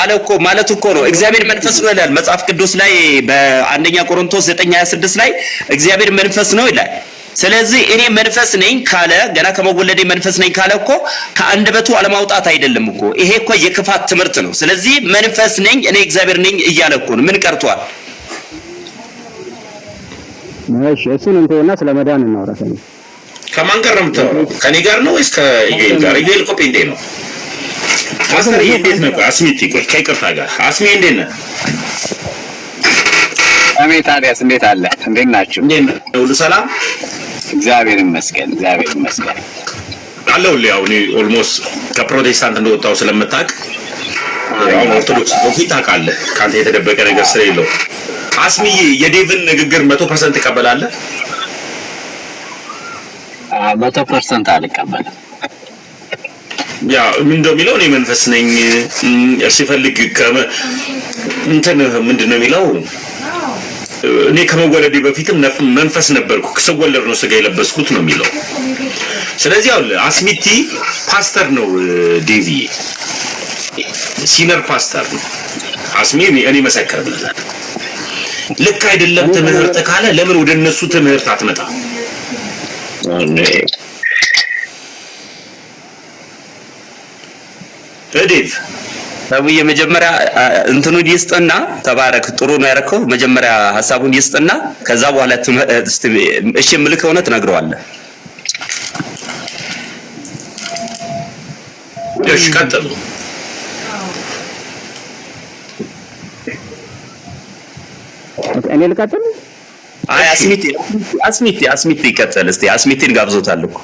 አለ እኮ ማለት እኮ ነው። እግዚአብሔር መንፈስ ነው ይላል መጽሐፍ ቅዱስ ላይ በአንደኛ ቆሮንቶስ 9:26 ላይ እግዚአብሔር መንፈስ ነው ይላል። ስለዚህ እኔ መንፈስ ነኝ ካለ ገና ከመወለዴ መንፈስ ነኝ ካለ እኮ ከአንደበቱ አለማውጣት አይደለም እኮ ይሄ እኮ የክፋት ትምህርት ነው። ስለዚህ መንፈስ ነኝ እኔ እግዚአብሔር ነኝ እያለ እኮ ነው። ምን ቀርቷል? እሺ እሱን እንተውና ስለ መዳን እናወራለን። ከማን ጋር ነው የምታወራው? ከኔ ጋር ነው ወይስ ከኢዩኤል ጋር? ኢዩኤል እኮ ጴንጤ ነው። ፓስተር ይሄ እንዴት ነው? አስሜ ትቆይ ከይቅርታ ጋር አስሜ እንዴት ነህ? አሜን። ታዲያስ እንዴት አለ? እንዴት ናችሁ? እንዴት ነው? ሁሉ ሰላም? እግዚአብሔር ይመስገን፣ እግዚአብሔር ይመስገን አለው። ያው እኔ ኦልሞስት ከፕሮቴስታንት እንደወጣው ስለምታውቅ አሁን ኦርቶዶክስ ኮፊ ታውቃለህ። ከአንተ የተደበቀ ነገር ስለሌለው አስሚዬ የዴቭን ንግግር መቶ ፐርሰንት ትቀበላለህ? መቶ ፐርሰንት አልቀበልም። የሚለው እኔ መንፈስ ነኝ ሲፈልግ እንትን ምንድን ነው የሚለው እኔ ከመወለዴ በፊትም መንፈስ ነበርኩ፣ ስወለድ ነው ስጋ የለበስኩት ነው የሚለው። ስለዚህ አሁን አስሚቲ ፓስተር ነው፣ ዴቪ ሲነር ፓስተር ነው። አስሚ እኔ መሰከርለታለሁ። ልክ አይደለም ትምህርት ካለ ለምን ወደ እነሱ ትምህርት አትመጣ? እዴት አቡዬ መጀመሪያ እንትኑን ይስጥና ተባረክ፣ ጥሩ ነው ያደረከው። መጀመሪያ ሀሳቡን ይስጥና ከዛ በኋላ እሺ የምልህ ከሆነ ትነግረዋለህ። እሺ ቀጥሉ። እኔ ልቀጥል? አይ አስሚቴ አስሚቴ አስሚቴ ይቀጥል። እስቲ አስሚቴን ጋብዞታል እኮ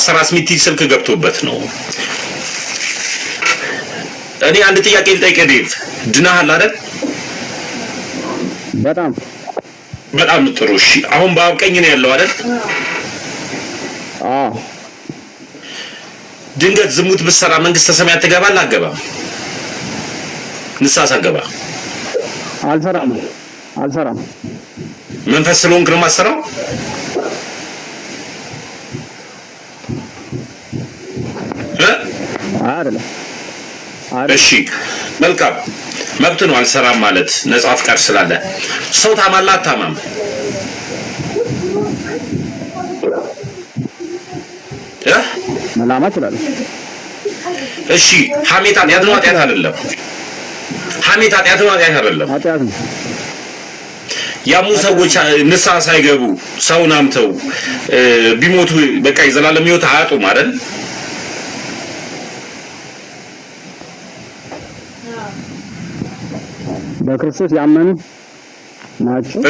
አሰራር ስሚቲ ስልክ ገብቶበት ነው። እኔ አንድ ጥያቄ ልጠይቅህ ዴቭ፣ ድናሃል አይደል? በጣም በጣም ጥሩ። እሺ አሁን በአብ ቀኝ ነው ያለው አይደል? አዎ። ድንገት ዝሙት ብትሰራ መንግስተ ሰማያት ትገባለህ? አትገባም? ንሳስ አገባ አልሰራም። አልሰራም። መንፈስ ስለሆንክ ነው የማትሰራው እሺ መልካም መብት ነው። አልሰራም ማለት ነጻ ፍቃድ ስላለ ሰው ታማላ አታማም መላማት ይችላል እሺ ሐሜት ኃጢአት ነው? አጥያት አይደለም? ሐሜት አጥያት ነው? አጥያት አይደለም? አጥያት ነው። ያሙ ሰዎች ንስሐ ሳይገቡ ሰውን አምተው ቢሞቱ በቃ የዘላለም ሕይወት አያጡም አይደል? በክርስቶስ ያመኑ ናቸው።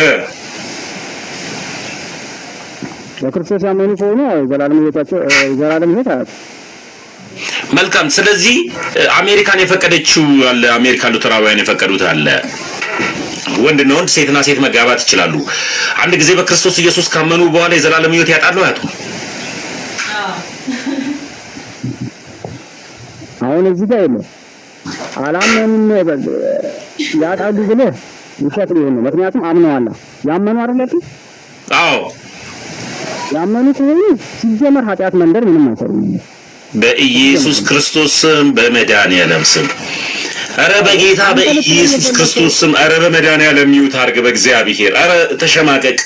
በክርስቶስ ያመኑ ከሆኑ ዘላለም ህይወታቸው ዘላለም ህይወት አያጡ። መልካም። ስለዚህ አሜሪካን የፈቀደችው አለ፣ አሜሪካ ሉተራውያን የፈቀዱት አለ። ወንድና ወንድ ሴትና ሴት መጋባት ይችላሉ። አንድ ጊዜ በክርስቶስ ኢየሱስ ካመኑ በኋላ የዘላለም ህይወት ያጣሉ አያቱ አሁን እዚህ ጋር የለም አላመኑም። ያጣሉ ብሎ ውሸት ሊሆን ነው። ምክንያቱም አምነዋላ ያመኑ አይደለቱ። አዎ ያመኑ ከሆኑ ሲጀመር ኃጢአት መንደር ምንም አይሰሩም። በኢየሱስ ክርስቶስ ስም በመድኃኒዓለም ስም አረ በጌታ በኢየሱስ ክርስቶስ ስም አረ በመድኃኒዓለም ይውት አድርግ በእግዚአብሔር አረ ተሸማቀቅ።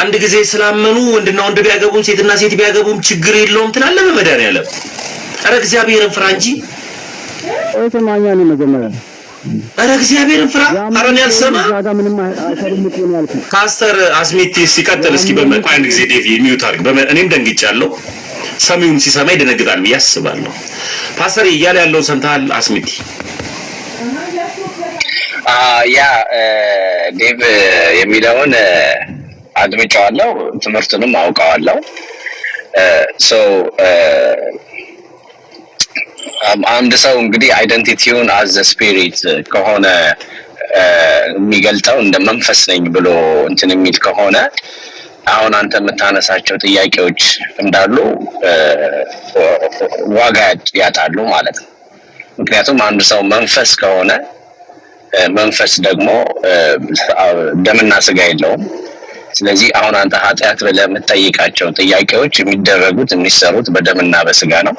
አንድ ጊዜ ስላመኑ ወንድና ወንድ ቢያገቡም ሴትና ሴት ቢያገቡም ችግር የለውም ትላለህ። በመድኃኒዓለም አረ እግዚአብሔርን ፍራ እንጂ። ኧረ እግዚአብሔርን ፍራ። ኧረ እኔ አልሰማም። ካስተር አስሜቲ ሲቀጥል እስኪ በመቆይ አንድ ጊዜ ዴቪ የሚዩት አድርግ። እኔም ደንግጫለሁ። ሰሚውም ሲሰማ ይደነግጣል ብዬ አስባለሁ። ፓስተር እያለ ያለውን ሰምተሃል አስሜቲ? ያ ዴቭ የሚለውን አድምጫዋለሁ። ትምህርቱንም አውቀዋለሁ። Um, አንድ ሰው እንግዲህ አይደንቲቲውን አዘ ስፒሪት ከሆነ uh, የሚገልጠው እንደ መንፈስ ነኝ ብሎ እንትን የሚል ከሆነ አሁን አንተ የምታነሳቸው ጥያቄዎች እንዳሉ uh, ዋጋ ያጣሉ ማለት ነው። ምክንያቱም አንድ ሰው መንፈስ ከሆነ uh, መንፈስ ደግሞ ደምና ስጋ የለውም። ስለዚህ አሁን አንተ ኃጢአት ብለህ የምትጠይቃቸው ጥያቄዎች የሚደረጉት የሚሰሩት በደምና በስጋ ነው።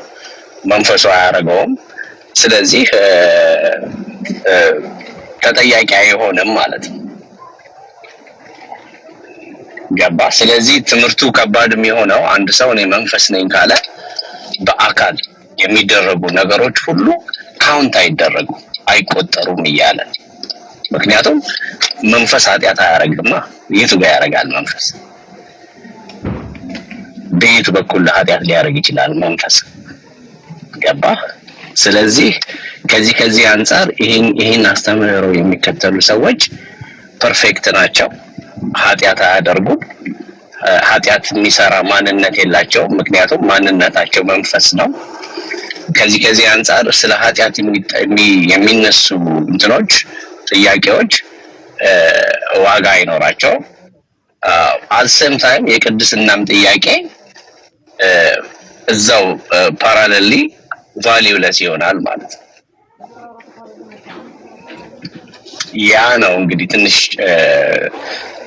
መንፈሱ አያደርገውም። ስለዚህ ተጠያቂ አይሆንም ማለት ነው። ገባ። ስለዚህ ትምህርቱ ከባድ የሚሆነው አንድ ሰው እኔ መንፈስ ነኝ ካለ በአካል የሚደረጉ ነገሮች ሁሉ ካውንት አይደረጉ አይቆጠሩም እያለ ምክንያቱም መንፈስ ኃጢአት አያረግማ። የቱ ጋር ያደርጋል? መንፈስ በየቱ በኩል ኃጢአት ሊያደርግ ይችላል መንፈስ ገባ። ስለዚህ ከዚህ ከዚህ አንጻር ይህን ይሄን አስተምህሮ የሚከተሉ ሰዎች ፐርፌክት ናቸው። ኃጢአት አያደርጉም። ኃጢአት የሚሰራ ማንነት የላቸውም። ምክንያቱም ማንነታቸው መንፈስ ነው። ከዚህ ከዚህ አንጻር ስለ ኃጢአት የሚነሱ እንትኖች ጥያቄዎች ዋጋ አይኖራቸው አልሴም ታይም የቅድስናም ጥያቄ እዛው ፓራሌሊ ቫሊውለስ ይሆናል ማለት ነው። ያ ነው እንግዲህ ትንሽ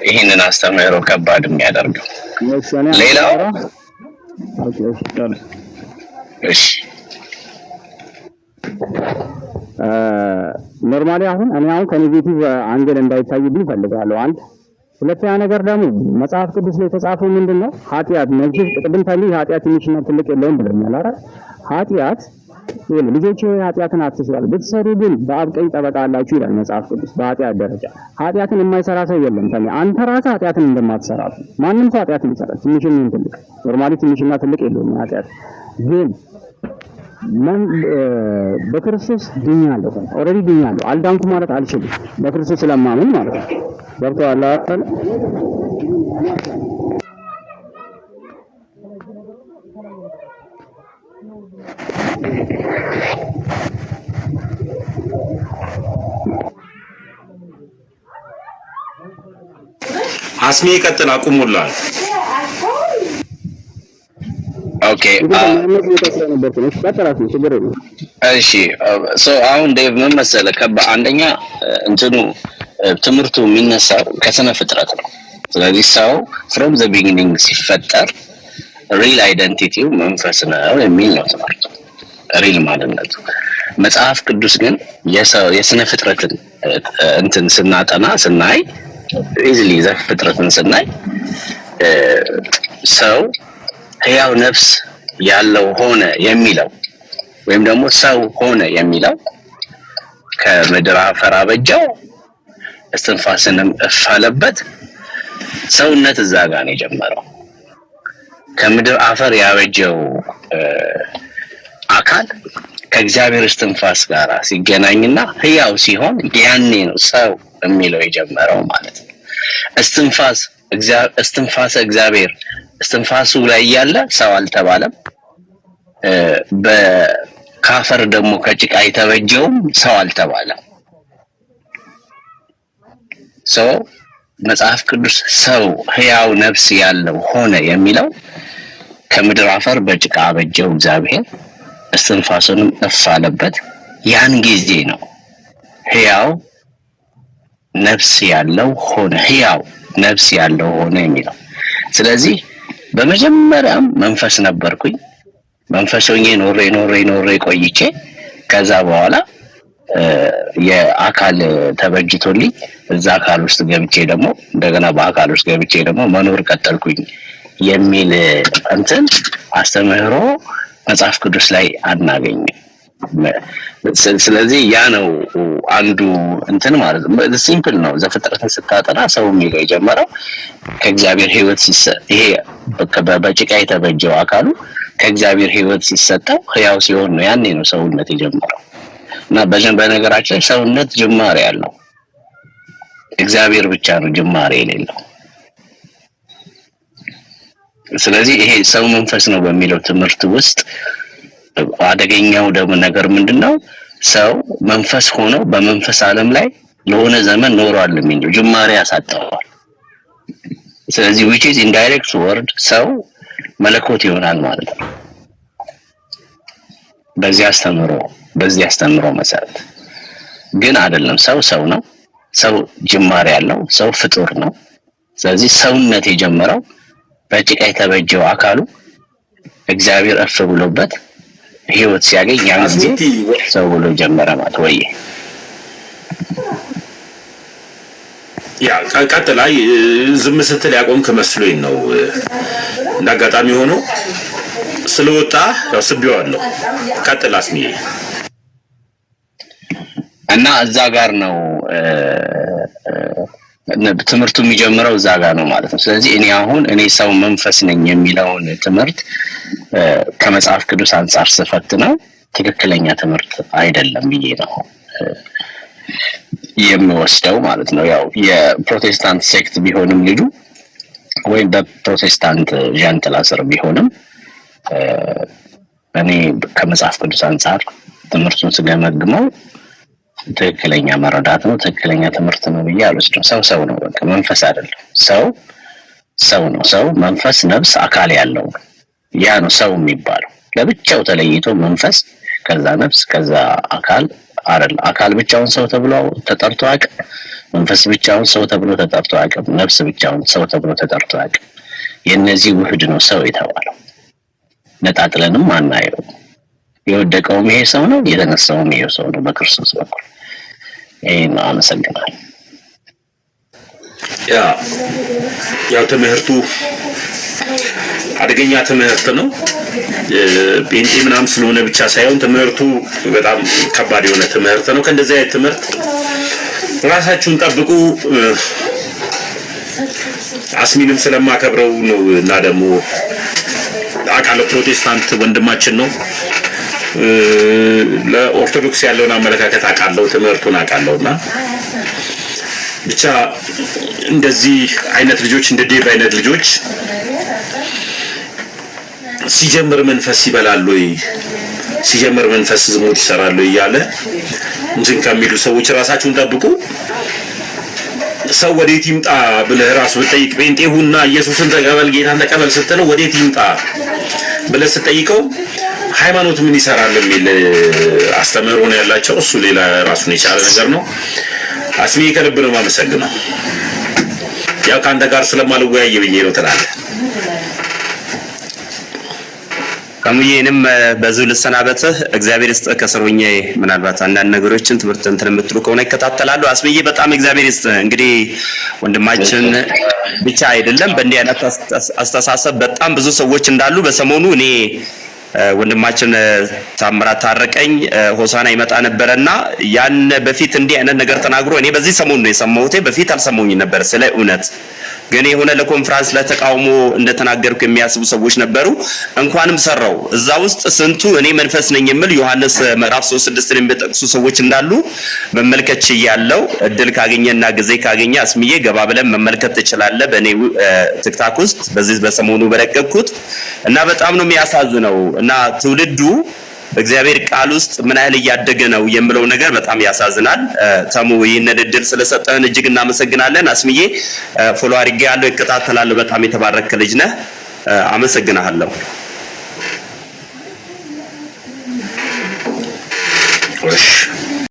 ይህንን አስተምህሮ ከባድ የሚያደርገው። ሌላው እሺ ኖርማሊ አሁን እኔ አሁን ከኔጌቲቭ አንግል እንዳይታይብኝ ፈልጋለሁ አንድ ሁለተኛ ነገር ደግሞ መጽሐፍ ቅዱስ ላይ የተጻፈው ምንድን ነው? ኃጢአት መግብ ቅድም ታሊ ኃጢአት ትንሽና ትልቅ የለውም ብለኛል። አረ ኃጢአት ልጆች ኃጢአትን አትስራል ብትሰሩ ግን በአብ ቀኝ ጠበቃ አላችሁ ይላል መጽሐፍ ቅዱስ። በኃጢአት ደረጃ ኃጢአትን የማይሰራ ሰው የለም። ታ አንተ ራስህ ኃጢአትን እንደማትሰራ ማንም ሰው ኃጢአትን ይሰራል። ትንሽን ትልቅ ኖርማሊ ትንሽና ትልቅ የለውም ኃጢአት ግን በክርስቶስ ድኛለሁ። ኦልሬዲ ድኛለሁ። አልዳንኩ ማለት አልችልም። በክርስቶስ ስለማምን ማለት ነው። ገብተዋል አይደል? አስሜ አቁሙላል ኦኬ uh, እሺ። uh, አሁን ዴቭ ምን መሰለህ አንደኛ uh, እንትኑ ትምህርቱ የሚነሳው ከስነ ፍጥረት ነው። ስለዚህ ሰው ፍሮም ዘ ቢጊኒንግ ሲፈጠር ሪል አይደንቲቲው መንፈስ ነው የሚል ነው ትምህርቱ፣ ሪል ማንነቱ። መጽሐፍ ቅዱስ ግን የስነ ፍጥረትን እንትን ስናጠና ስናይ ኢዝሊ ዘፍጥረትን ስናይ ሰው ህያው ነፍስ ያለው ሆነ የሚለው ወይም ደግሞ ሰው ሆነ የሚለው ከምድር አፈር አበጀው እስትንፋስንም እፋለበት ሰውነት እዛ ጋር ነው የጀመረው። ከምድር አፈር ያበጀው አካል ከእግዚአብሔር እስትንፋስ ጋር ሲገናኝና ህያው ሲሆን ያኔ ነው ሰው የሚለው የጀመረው ማለት ነው። እስትንፋስ እስትንፋሰ እግዚአብሔር እስትንፋሱ ላይ እያለ ሰው አልተባለም። በካፈር ደግሞ ከጭቃ የተበጀውም ሰው አልተባለም። ሰው መጽሐፍ ቅዱስ ሰው ህያው ነፍስ ያለው ሆነ የሚለው ከምድር አፈር በጭቃ አበጀው እግዚአብሔር፣ እስትንፋሱንም እፍ አለበት። ያን ጊዜ ነው ህያው ነፍስ ያለው ሆነ፣ ህያው ነፍስ ያለው ሆነ የሚለው ስለዚህ በመጀመሪያም መንፈስ ነበርኩኝ። መንፈስ ሆኜ ኖሬ ኖሬ ኖሬ ቆይቼ ከዛ በኋላ የአካል ተበጅቶልኝ እዛ አካል ውስጥ ገብቼ ደግሞ እንደገና በአካል ውስጥ ገብቼ ደግሞ መኖር ቀጠልኩኝ የሚል እንትን አስተምህሮ መጽሐፍ ቅዱስ ላይ አናገኝም። ስለዚህ ያ ነው አንዱ እንትን ማለት ነው። ሲምፕል ነው። ዘፍጥረትን ስታጠና ሰው የሚለው የጀመረው ከእግዚአብሔር ሕይወት ሲሰጥ ይሄ በጭቃ የተበጀው አካሉ ከእግዚአብሔር ሕይወት ሲሰጠው ህያው ሲሆን ነው። ያኔ ነው ሰውነት የጀመረው እና በነገራችን ላይ ሰውነት ጅማሬ ያለው እግዚአብሔር ብቻ ነው ጅማሬ የሌለው። ስለዚህ ይሄ ሰው መንፈስ ነው በሚለው ትምህርት ውስጥ አደገኛው ነገር ምንድን ነው? ሰው መንፈስ ሆኖ በመንፈስ ዓለም ላይ ለሆነ ዘመን ኖሯል የሚለው ጅማሬ ያሳጠዋል። ስለዚህ which is indirect word ሰው መለኮት ይሆናል ማለት ነው። በዚህ አስተምሮ በዚህ አስተምሮ መሰረት ግን አይደለም። ሰው ሰው ነው። ሰው ጅማሬ ያለው ሰው ፍጡር ነው። ስለዚህ ሰውነት የጀመረው በጭቃ የተበጀው አካሉ እግዚአብሔር እፍ ብሎበት ህይወት ሲያገኝ ያን ጊዜ ሰው ብሎ ጀመረ ማለት ወይ ያ ቀጥላይ ዝም ስትል ያቆምክ መስሎኝ ነው። እንዳጋጣሚ ሆኖ ስለወጣ ያው ስቤዋለሁ። ቀጥል አስሚ እና እዛ ጋር ነው ትምህርቱ የሚጀምረው እዛ ጋር ነው ማለት ነው። ስለዚህ እኔ አሁን እኔ ሰው መንፈስ ነኝ የሚለውን ትምህርት ከመጽሐፍ ቅዱስ አንጻር ስፈት ነው ትክክለኛ ትምህርት አይደለም ብዬ ነው የሚወስደው ማለት ነው። ያው የፕሮቴስታንት ሴክት ቢሆንም ልጁ ወይም በፕሮቴስታንት ዣንጥላ ስር ቢሆንም እኔ ከመጽሐፍ ቅዱስ አንጻር ትምህርቱን ስገመግመው ትክክለኛ መረዳት ነው፣ ትክክለኛ ትምህርት ነው ብዬ አልወስድም። ሰው ሰው ነው፣ በቃ መንፈስ አይደለም። ሰው ሰው ነው። ሰው መንፈስ፣ ነፍስ፣ አካል ያለው ነው። ያ ነው ሰው የሚባለው። ለብቻው ተለይቶ መንፈስ ከዛ ነፍስ ከዛ አካል አይደለም። አካል ብቻውን ሰው ተብሎ ተጠርቶ አያውቅም። መንፈስ ብቻውን ሰው ተብሎ ተጠርቶ አያውቅም። ነፍስ ብቻውን ሰው ተብሎ ተጠርቶ አያውቅም። የእነዚህ ውህድ ነው ሰው የተባለው። ነጣጥለንም አናየው። የወደቀውም ይሄ ሰው ነው፣ የተነሳውም ይሄ ሰው ነው በክርስቶስ በኩል አመሰግናል። ያው ትምህርቱ አደገኛ ትምህርት ነው። ጴንጤ ምናምን ስለሆነ ብቻ ሳይሆን ትምህርቱ በጣም ከባድ የሆነ ትምህርት ነው። ከእንደዚህ አይነት ትምህርት ራሳችሁን ጠብቁ። አስሚንም ስለማከብረው ነው እና ደግሞ አቃለ ፕሮቴስታንት ወንድማችን ነው። ለኦርቶዶክስ ያለውን አመለካከት አውቃለሁ፣ ትምህርቱን አውቃለሁ እና ብቻ እንደዚህ አይነት ልጆች እንደ ዴቭ አይነት ልጆች ሲጀምር መንፈስ ይበላሉ ወይ ሲጀምር መንፈስ ዝሙት ይሰራሉ እያለ እንትን ከሚሉ ሰዎች ራሳችሁን ጠብቁ። ሰው ወዴት ይምጣ ብለህ ራሱ ብጠይቅ ጴንጤ ኢየሱስን ተቀበል ጌታን ተቀበል ስትለው ወዴት ይምጣ ብለህ ስትጠይቀው ሃይማኖት ምን ይሰራል የሚል አስተምህሮ ነው ያላቸው። እሱ ሌላ ራሱን የቻለ ነገር ነው። አስሜ ከልብ ነው የማመሰግነው። ያው ከአንተ ጋር ስለማልወያየ ብዬ ነው ትላለህ። ከሙዬ እኔም በዚሁ ልሰናበትህ። እግዚአብሔር ይስጥህ። ከስር ምናልባት አንዳንድ ነገሮችን ትምህርት እንትን የምትሉ ከሆነ ይከታተላሉ። አስሜዬ በጣም እግዚአብሔር ይስጥህ። እንግዲህ ወንድማችን ብቻ አይደለም፣ በእንዲህ አይነት አስተሳሰብ በጣም ብዙ ሰዎች እንዳሉ በሰሞኑ እኔ ወንድማችን ታምራት ታረቀኝ ሆሳና ይመጣ ነበረና ያን በፊት እንዲህ አይነት ነገር ተናግሮ እኔ በዚህ ሰሞን ነው የሰማሁት። በፊት አልሰማሁኝ ነበር ስለ እውነት ግን የሆነ ለኮንፍራንስ ለተቃውሞ እንደተናገርኩ የሚያስቡ ሰዎች ነበሩ። እንኳንም ሰራው። እዛ ውስጥ ስንቱ እኔ መንፈስ ነኝ የሚል ዮሐንስ ምዕራፍ 3 3:6 የሚጠቅሱ ሰዎች እንዳሉ መመልከት ችያለሁ። እድል ካገኘና ጊዜ ካገኘ አስምዬ ገባ ብለን መመልከት ትችላለህ። በእኔ ቲክታክ ውስጥ በዚህ በሰሞኑ በለቀቅኩት እና በጣም ነው የሚያሳዝነው እና ትውልዱ እግዚአብሔር ቃል ውስጥ ምን ያህል እያደገ ነው የምለው ነገር በጣም ያሳዝናል። ተሙ ይህንን እድል ስለሰጠህን እጅግ እናመሰግናለን። አስምዬ ፎሎ አድርጌ ያለው ይከታተላለሁ። በጣም የተባረክ ልጅ ነህ። አመሰግናለሁ። እሺ